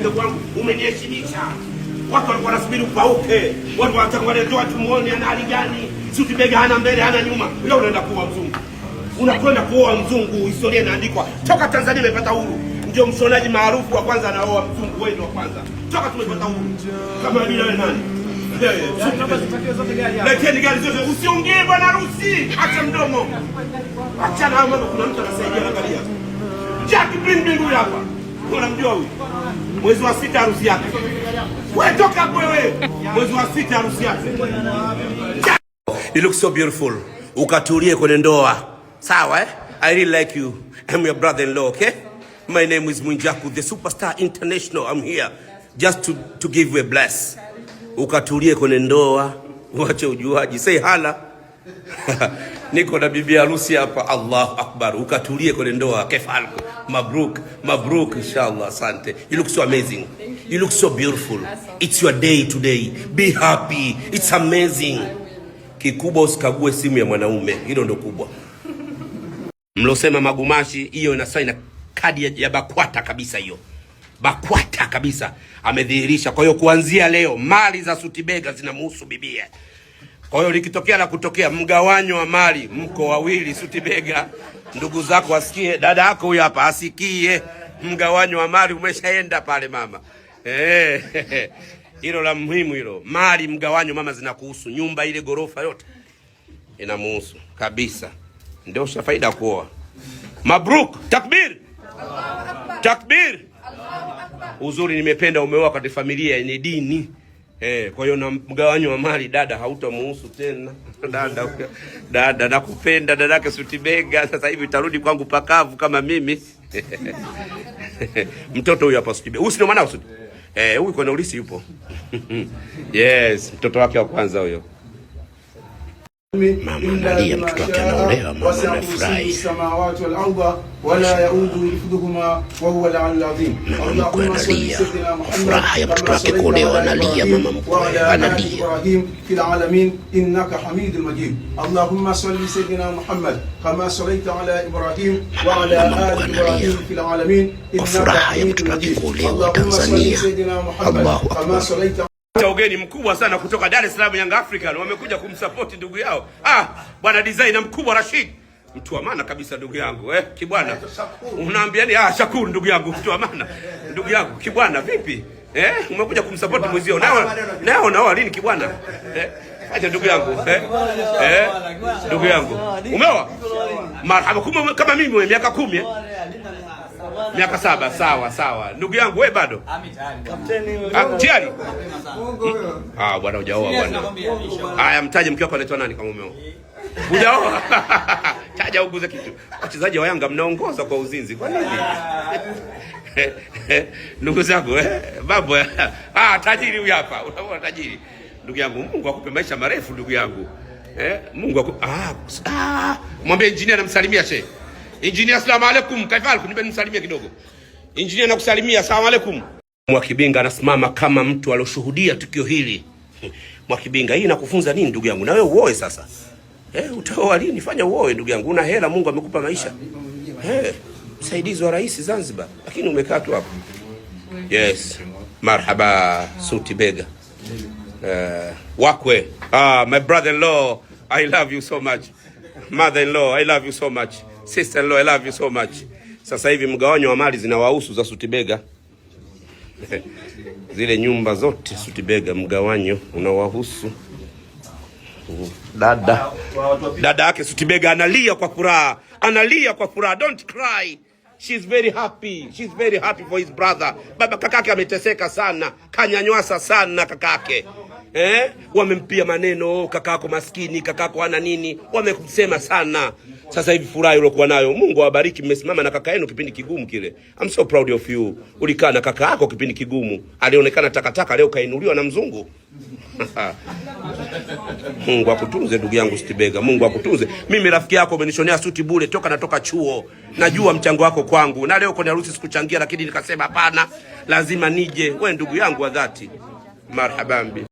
Ndugu wangu umeniheshimisha, watu walikuwa wanasubiri upauke, watu wanatangalia ndio watu ana hali gani, si tubega hana mbele hana nyuma. Leo unaenda kuoa mzungu, unakwenda kuoa mzungu. Historia inaandikwa toka Tanzania imepata uhuru, ndio mshonaji maarufu wa kwanza anaoa mzungu. Wewe ndio wa kwanza toka tumepata uhuru, kama mimi nawe nani? Yaani Leteni gari zote, usiongee bwana harusi, acha mdomo, achana hayo mambo. Kuna mtu anasaidia, angalia Jack Bling Bling huyu hapa, unamjua huyu mwezi wa sita harusi yake. Wewe toka hapo wewe, mwezi wa sita harusi yake. You look so beautiful. Ukatulie kwenye ndoa. Sawa eh? I really like you. I'm your brother-in-law, okay? My name is Mwijaku, the superstar international. I'm here just to, to give you a bless. Ukatulie kwenye ndoa, uache ujuaji. Say hala. niko na bibi harusi hapa. Allahu akbar, ukatulie kwenye ndoa. Kefal, mabruk mabruk, inshallah. Asante, you look so amazing, you look so beautiful. It's your day today, be happy, it's amazing. Kikubwa usikague simu ya mwanaume, hilo ndo kubwa mlosema magumashi. Hiyo inasaa ina kadi ya BAKWATA kabisa, hiyo BAKWATA kabisa amedhihirisha. Kwa hiyo kuanzia leo mali za Sutibega zinamhusu bibia. Kwa hiyo likitokea la kutokea, mgawanyo wa mali, mko wawili, suti bega, ndugu zako wasikie, dada yako huyo hapa asikie, mgawanyo wa mali umeshaenda pale mama. hilo. Eh, hilo la muhimu hilo. Mali mgawanyo, mama, zinakuhusu. Nyumba ile gorofa yote inamuhusu kabisa, ndio sha faida kuoa. Mabruk, takbir, takbir. Uzuri, nimependa umeoa kwa familia yenye dini. Eh, kwa hiyo na mgawanyo wa mali dada hautamuhusu tena. Dada dada nakupenda dadake Sutibega, sasa hivi utarudi kwangu pakavu kama mimi. Mtoto huyu hapa bega. Huyu sio maana Sutibega? Eh, huyu kwa ulisi yupo. Yes, mtoto wake wa kwanza huyo. Mama analia, mtoto wake anaolewa, mama anafurahi. Mama mkwe analia kwa furaha ya mtoto wake kuolewa, analia. Mama mkwe analia. Kwa furaha ya mtoto wake kuolewa Tanzania. Allahu akbar cha ugeni mkubwa sana kutoka Dar es Salaam Young African wamekuja kumsupport ndugu yao. Ah, bwana designer mkubwa Rashid. Mtu wa maana kabisa ndugu yangu eh, kibwana. Unaambia ni ah, shakuru ndugu yangu mtu wa maana. Ndugu yangu kibwana vipi? Eh, umekuja kumsupport mwezio. Nao nao nao lini kibwana? Eh, acha ndugu yangu eh. Eh, ndugu yangu. Umeoa? Marhaba, kama mimi mwenye miaka 10 eh miaka saba. Sawa sawa, ndugu yangu wewe bado tayari? Ah, ah bwana, hujaoa bwana. Haya, mtaje mke wako anaitwa nani kama umeoa hujaoa? Taja uguze kitu. Wachezaji wa Yanga mnaongoza kwa uzinzi, kwa nini? ndugu zangu eh, babu ah, tajiri huyu hapa, unaona tajiri. Ndugu yangu, Mungu akupe maisha marefu ndugu yangu eh, Mungu aku... ah, ah, mwambie engineer anamsalimia shehe. Injinia, asalamu alaykum. Kaifal kunibe nimsalimie kidogo. Injinia nakusalimia. Asalamu alaykum. Mwakibinga anasimama kama mtu alioshuhudia tukio hili. Mwakibinga, hii inakufunza nini ndugu yangu? Na wewe uoe sasa. Eh, utaoa lini? Fanya uoe ndugu yangu. Una hela, Mungu amekupa maisha. Eh, msaidizi wa rais Zanzibar, lakini umekaa tu hapo. Yes. Marhaba Suti Bega. Uh, wakwe. Ah, my brother-in-law, I love you so much mother-in-law, I love you so much. Sister-in-law, I love you so much. Sasa hivi mgawanyo wa mali zinawahusu za Sutibega zile nyumba zote Sutibega, mgawanyo unawahusu. Dada dada yake Sutibega analia kwa furaha, analia kwa furaha. Don't cry She's very happy. She's very happy for his brother. Baba kakake ameteseka sana, kanyanywasa sana kakake. Eh? Wamempia maneno kakako maskini, kakako ana nini? Wamekusema sana. Sasa hivi furaha uliokuwa nayo, Mungu awabariki. Mmesimama na kaka yenu kipindi kigumu kile. I'm so proud of you. Ulikaa na kaka yako kipindi kigumu, alionekana takataka, leo kainuliwa na mzungu Mungu akutunze ndugu yangu Stibega, Mungu akutunze. Mimi rafiki yako umenishonea suti bure toka natoka chuo, najua mchango wako kwangu, na leo kwenye harusi sikuchangia, lakini nikasema hapana, lazima nije. We ndugu yangu wa dhati, marhaban